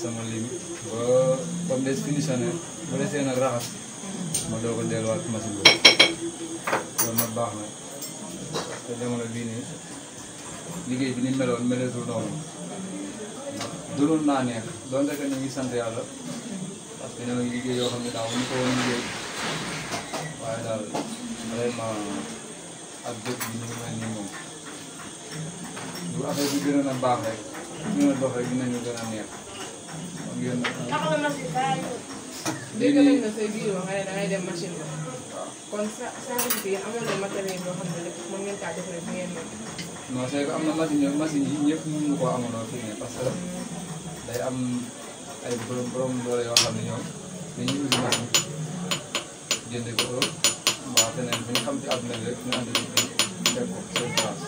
sama lim ba ba mu des finition ba nag raxas ma doo ko delluwaat machine boobu loolu nag baax na parce que jamono bii nii liggéey bi ni meloon meletul noonu ndax duloon naa neex donte que ñu ngi sant yàlla parce que liggéey yoo xam ne daaw ñu ko woon liggéey waaye daal vraiment ak dëkk bi ñu ngi mel moom bu affaire bi gën a baax rek ñu ne dox rek dinañu gën a neex taxawal um, oh, machine daa yëngu. na say biir wax nga ne da ngay dem machine ba. kon sa saa yi amoon na matériel yoo xam ne lépp mën ngeen kaa defaree bu ngeen mën. non c'est que am na machine yoo machine yi ñëpp mënuñu koo amoonoo fii ne parce que day am ay borom borom doole yoo xam ne ñoom dañuy usi machine jënd ko mbaa feneen bu ñu xam ci àdduna bi rek ñu andi ci def ko seen place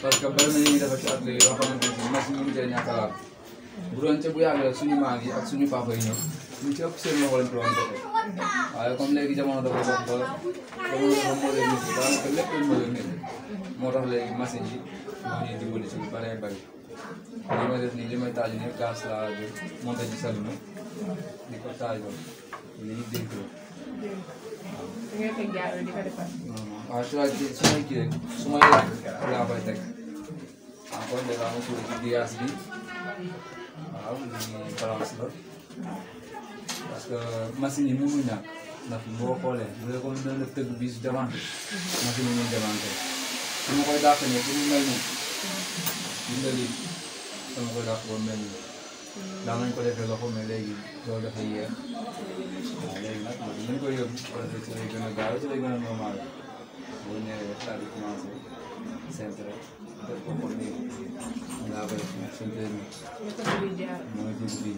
parce que bari na ñuy defar ci àdduna bi yoo xamante ni machine mënu cee ñàkk a laal bu doon ca bu yàgg rek suñu maam yi ak suñu papa yi ñoom ñu ci ëpp seen loxo lañ ko doon defee waaye comme léegi jamono dafa dox ba jamono dafa modernisé daanaka lépp lañ modernisé moo tax léegi machine yi moo ñuy dimbali ci lu bëree bëri li may def nii li may taaj nii gaz laa jël monté ci saluma di ko taajoon li ñu dénk la waaw. da ngay di ko defar. waaw su ma kii su ma kii rek su ma yàgg laa koy teg encore de la ma tudd ci diyaas bi. waaw lii balance la parce que machine yi mënul ñàkk ndax boo xoolee bu dee comme dañ la tëgg bis démonté machine yi ñuy démonté su ma koy dàq ne pour mu mel nii gis nga lii dama ko defee loxo mais léegi loolu dafa yéex waaw léegi nag loolu dañ koy yóbbu ci lay a gaaw ci boo ñëwee daal di centre def ko nga koy centre bi mooy jëm bi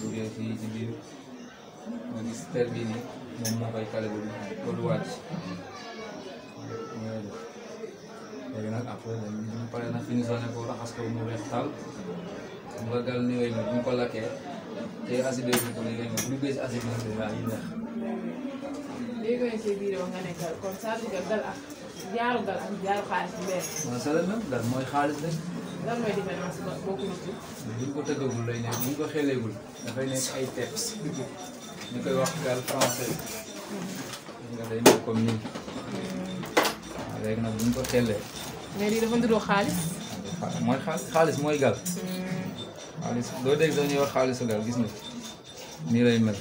duggee ci biir nga gis per bi ni moom koy kale bu ko du wàcc léegi nag après dañ ñu pare na raxas ko mu weex taal nga gal ni wéy mi bu ko lakkee te acide bi ko léegi si acide bi nag dina yi neex léegi nga nga nekkal kon saa gal ak jaaru gal ak jaaru xaalis bu weer. macha allah lan mooy xaalis rek. lan mooy différence bokkul ci. buñ ko tëggagul lay nekk buñ ko xeleegul dafay nekk ay teps ñu koy wax gal français. nga day nekk comme nii. waaw léegi nag buñ ko xelee. mais lii dafa ndiroo xaalis. mooy xaalis mooy gal. xaalis doo dégg sax ñuy wax xaalisu gal gis nga nii lay mel.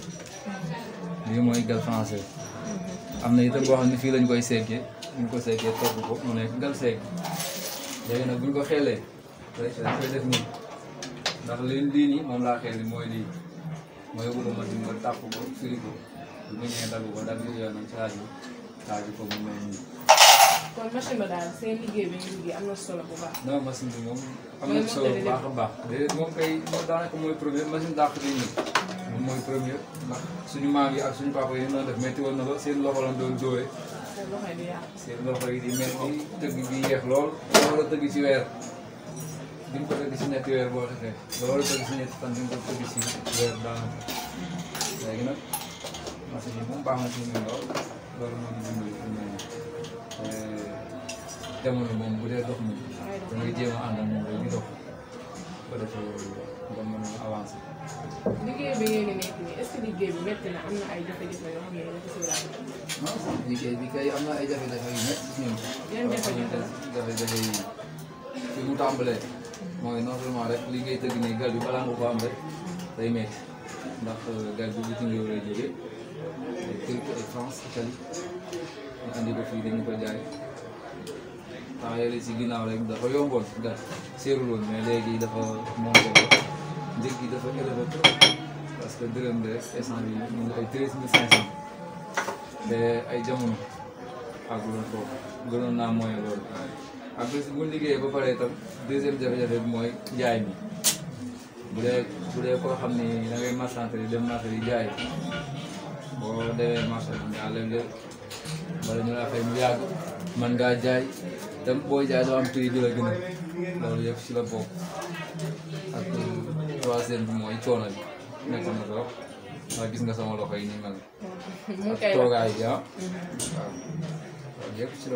lii mooy gal français. am na itam boo xam ne fii lañ koy seggee. ñu ko seegee togg ko mu nekk ngal seeg léegi nag bu ñu ko xeelee dañ koy def nii ndax leen lii nii moom laa xeeli mooy lii mooy wulu ma di nga tàpp ko firi ko bu mu ko dagg li yoon nag saaju saaju ko mu mel nii kon machine ba daal seen liggéey bi ñu liggéey am na solo bu baax non machine bi moom am na solo bu baax a baax déedéet moom kay moom daanaka mooy première machine dàq bi nii moom mooy première ndax suñu maam yi ak suñu papa yi noonu na ko seen loxo lañ seen loxo yi di mel ni tëgg bi yeex lool loolu la tëgg ci weer di nga ko tëgg si ñetti weer boo xefee loolu tëgg si ñetti fan di nga ko tëgg si weer daanaka léegi nag machine yi moom baax na si ñun lool loolu moo ñu dimbali fi mu eh, jamono moom bu dee dox na da ngay jéem a ànd ak moom dañuy dox ko defee nga mën a avancer. liggéey bi ngeen di nekk nii est-ce que liggéey bi métti na am na ay jafe-jafe yoo xam ne liggéey bi kay am na ay jafe-jafe yu nekk gis jafe-jafe yi fi mu tàmbalee mooy non seulement rek li ngay tëgg nii gal bi balaa nga ko am rek day métti ndax gal bi bitim réew ay Turquie ay France Italie ñu andi fii dañu ko jaay temps yële si ginnaaw rek dafa yomboon gal seerul woon mais léegi dafa moom ko gi dafa élevé parce que dërëm bi rek essence bi mu ngi mille cinq cent ba ay jamono àgguloon foofu gënoon naa mooy loolu ak bés bu liggéeyee ba pare itam deuxième jafe-jafe bi mooy jaay mi bu dee bu dee koo xam ni da ngay marchandise yi dem marché yi jaay boo demee marché bi ñu àll bi wala ñu laa fay mu yàgg ngaa jaay tam booy jaay doo am prix bi la gën loolu yëpp ci la bokk ak troisième mooy coono bi nekkoon na trop. ndax gis nga sama loxo yi ni mel. mu kay toogaay bi ah. waaw loolu yëpp ci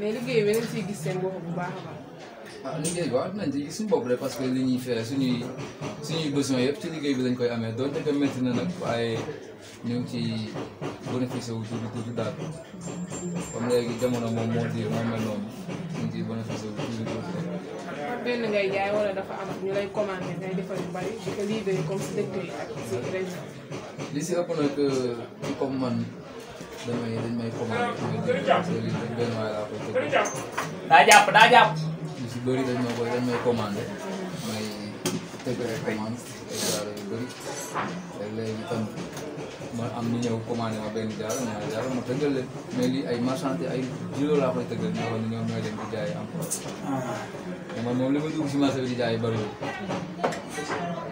mais liggéey bi dañ ciy gis seen bopp bu baax a baax. ah liggéey bi waaw dinañ ci parce que li ñuy fee suñuy suñuy besoin ci liggéey bi lañ koy amee doonte que métti nag waaye ñu ngi ci bénéficié wu tuuti tuuti daal comme léegi jamono moom moo di moom mel noonu ñu ngi ciy tuuti tuuti rek. benn ngay jaay wala dafa am ñu lay commandé ngay defal bari di ko livré comme si dëkk yi ak si région. li si ëpp nag comme man damay dañ may commandé damay déglu benn waay si bëri dañ ma koy dañ may commandé may tëgg ay commande ay jaaro bëri léeg-léeg itam am ñu ñëw commandé ma benn jaaro ñaari jaaro ma tëggal leen mais lii ay marchandé ay juróo laa koy tëggal ñoo xam ne ñoom ñooy dem di jaay encore. te moom li ma dugg si marché bi di jaay bëriwul.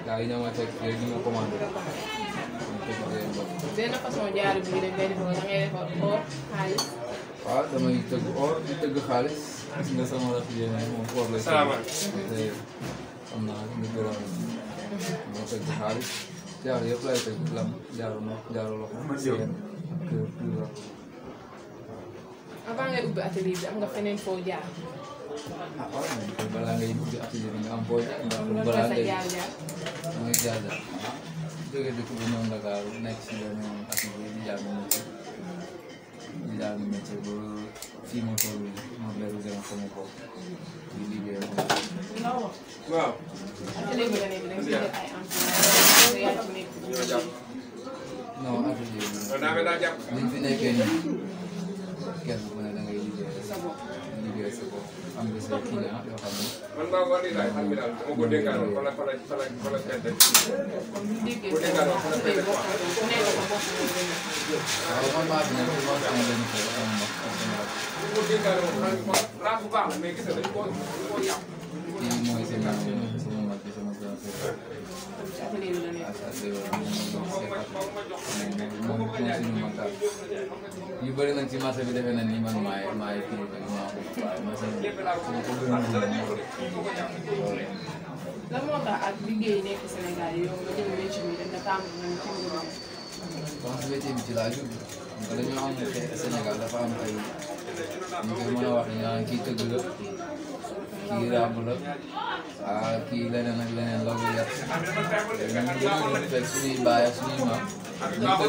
gars yi ñoo ma teg léegi ñu ma commandé. benn façon jaaru bi rek ngay defoo da ngay defar or xaalis. waaw damay tëgg or di tëgg xaalis. gis nga sama rafet moom or lay. salaamaaleykum te xam naa li gën a moo tëgg xaalis jaaru yëpp laay tëgg lam jaaru nopp jaaru loxo. ak kër avant ngay ubbi atelier bi am nga feneen foo jaar. ah waaw man balaa ngay ubbi atelier bi nga am foo jaar. ndax balaa ngay jaar jaar. jógee dëkk bu ñëw Ndakaaru nekk si benn atelier di jàng métier di jàng métier ba fii ma toll ma bëri gën a sama bopp di liggéey ak moom. waaw. atelier bi nga nekk da nga siy def ay emplois. non atelier bi. liñ fi nekkee nii. kenn ku ne da ngay liggéey liggéey sa bopp am nga say client yoo xam ne. man maa war di laaj xam nga daal bu ma ko dénkaanoon fan la fan la fan la fan la perte. bu dénkaanoon fan la perte quoi. waaw man maa dina ko war a am benn kër am ma. bu ma dénkaanoon fan la fan la bu baax la mais gis nga dañu koo dañu koo yàqu. kii mooy sama sama mag bi sama grand frère. yu bëri nag ci marché bi defe na ni man maay maay kii bi maa ko waaye marché bi lan moo tax ak liggéey nekk Sénégal yow nga jël métier bi dañ la tàmbali ñu ci ngir. parce que métier bi ci laa jóg dañoo am Sénégal dafa am ay. nga mën ah, ah, a wax ne ah kii tëgg la kii ràbb la ah kii leneen ak leneen la bu yàq ñun ñu gën a fekk suñuy baay ak suñuy maam ñu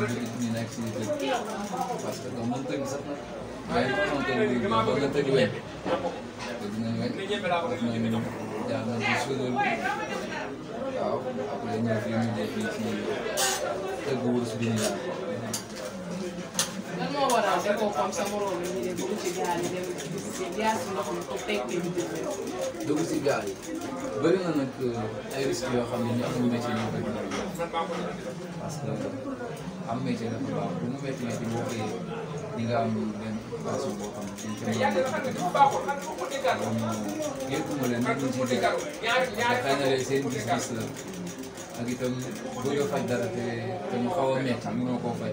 tëgg ñu nekk suñu tëgg parce que comme mën tëgg sax nag waaye bu ma tëgg bi ba nga tëgg weñ tëgg nañ weñ def nañ jaar nañ ci sudal waaw après ñëw fii ñu def fii ci tëgg wurus bi ñu defoo comme sa morom yi ñu ne dugg ci gaal yi dem dugg ci gaal si ndox mi pour tekki ñu jëfee. dugg ci gaal yi bëri na nag ay risques yoo xam ne ñu amul métier ñoo koy dund parce que am métier dafa baax bu mu métier ci boo koy di nga am benn façon boo xam ne dañ ko mën a dund yëpp ma leen nekkul ci biir dafay na leen seen gis-gis la ak itam bëgg a faj dara te te mu xaw a métti mënoo koo faj.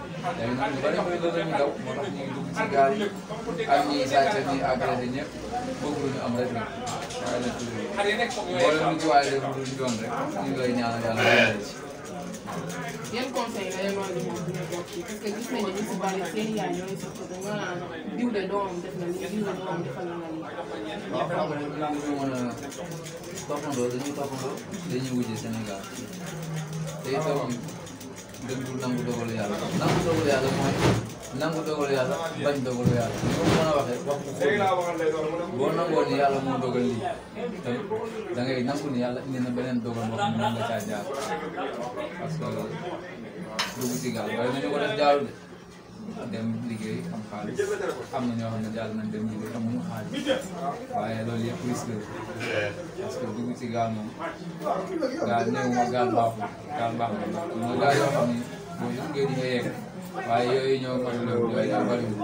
léegi nag ñu bëri bëri danañ daw moo tax ñuy dugg ci gaal yi ak ñuy sàcc ak ñuy agressé ñëpp bëgg ñu am rajo waaye la toujours boo leen di waaye def lu ñu doon rek ñu ngi lay ñaanal yàlla yàlla ci. yan conseil nga leen wax ne moom dina bokk ci parce que gis nañ ne ñu si bari seen yaay ñooy sax da nga naan diw de doomam def na lii diw de doomam defal na lii. waaw xam nga rek lan ñu mën a toppandoo dañuy toppandoo dañuy wujje Sénégal day toog dëggul nangu dogalu yàlla nangu dogalu yàlla mooy nangu dogalu yàlla bañ dogalu yàlla ni ma mën a waxee wax bu boo nangoo ni yàlla moo dogal lii tamit da ngay nangu ni yàlla indi na beneen dogal wax mën nga caa jaar parce que dugg ci gaal bari nañu ko def jaaru de dem liggéey am xaalis am na ñoo xam ne jàll nañ dem liggéey amuñu xaalis waaye loolu yëpp risque la parce que dugg ci gaal moom ah, gaal néew ma gaal baaxul gaal baaxul mooy gaal yoo xam ni boo duggee di nga yegg waaye yooyu ñoo ko loolu yooyu daa bëriwul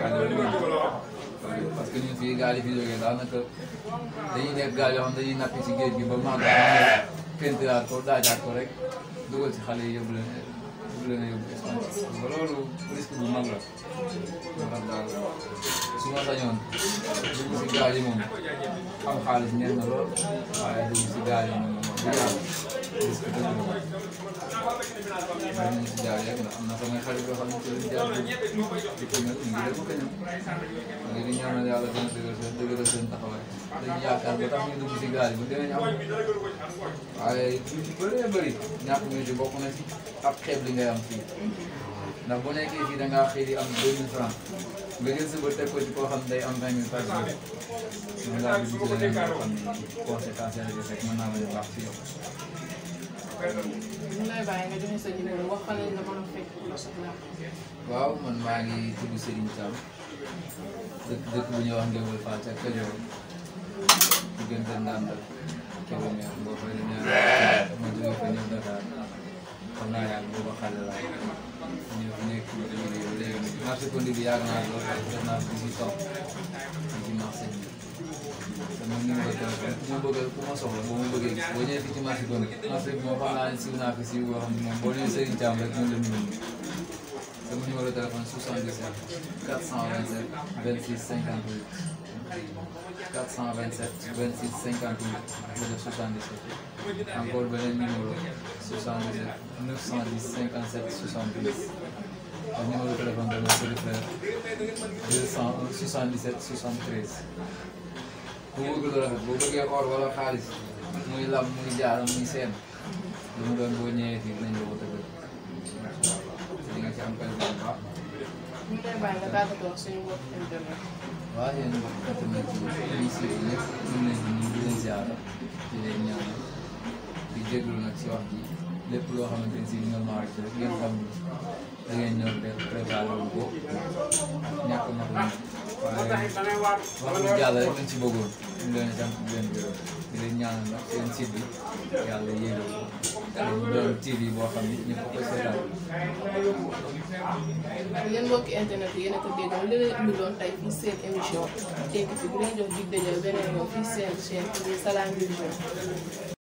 gaal yooyu parce que ñun fii gaal yi fi jógee daanaka dañuy nekk gaal yoo xam dañuy nappi ci géej gi ba màgg péntiraat ko daajaat ko rek dugal ci xale yi yóbbu bëgg na yóbbu espace ba loolu risque bu mag la ndax daal su ma sañoon dugg si gaal yi moom am xaalis neex na lool waaye dugg si gaal yi moom bu risque dëgg la waaye ñu si jaar yàgg na am na samay xarit yoo xam ne ci lañ jaar di ko nag ñu ngi leen ko kañam ngi di ñaanal yàlla gën a dëgër seen dëgëral seen taxawaay dañu yaakaar ba tax ñu dugg si gaal yi bu dinañ am waaye lu ci bëree bëri ñàkk ñu ci bokk na ci ab xeeb li ngay am fii ndax bu nekkee fii da ngaa xëy di am deux mille francs nga jël sa bët teg ko ci koo xam ne day am vingt mille francs ñu laaj bi ci leneen loo xam ne conséquence yi rek mën naa bañ a baax ci yow ñu lay bàyyi nga joxe sa numéro wax fan lañ la mën a fekk ku la soxlaa. waaw man maa ngi tudd Serigne Thiam dëkk dëkk bu ñuy wax Ndiéwél Fall ca Kajoor diggante Ndandal Kébémer boo fay la ñaar ma jóge fa ñëw Dakar xam naa yàlla booba xale laa ñëw nekk léegi marché Kondi bi yàgg naa lool def naa fi si topp ci marché bi. sama numéro téléphone ku ma ku ma soxla boo ma bëggee gis boo ñëwee fii ci marché Gouné marché bi moom xam naa ne siiw naa fi siiw boo xam ne moom boo ñëwee Serigne Thiam rek ñun la ñu sama numéro téléphone 77 427 26 58 427 26 58 wala 77 encore beneen numéro 77 910 57 70 ak numéro téléphone de mon petit frère 201 77 73. bu bëgg lu rafet boo bëggee xaalis muy lam muy jaaram muy seen lu mu doon boo ñëwee fii dinañ la ko tëggal incha allah di nga ci am président bu baax. ñu ngi nga loo xamante ni si ñoom maa ngi rek ko ñàkk na ko waaye wax dëgg yàlla rek lañ si bëggoon. ñu seen site bi yàlla yéegal ko te ñu doon TV boo xam ni ñëpp ko seetaan. yéen mbokki internet yi yéen a ko déggoon li leen indi doon tey fii seen émission tekki fi bu leen jox dig daje beneen yoon fii seen chaîne Salam Vision.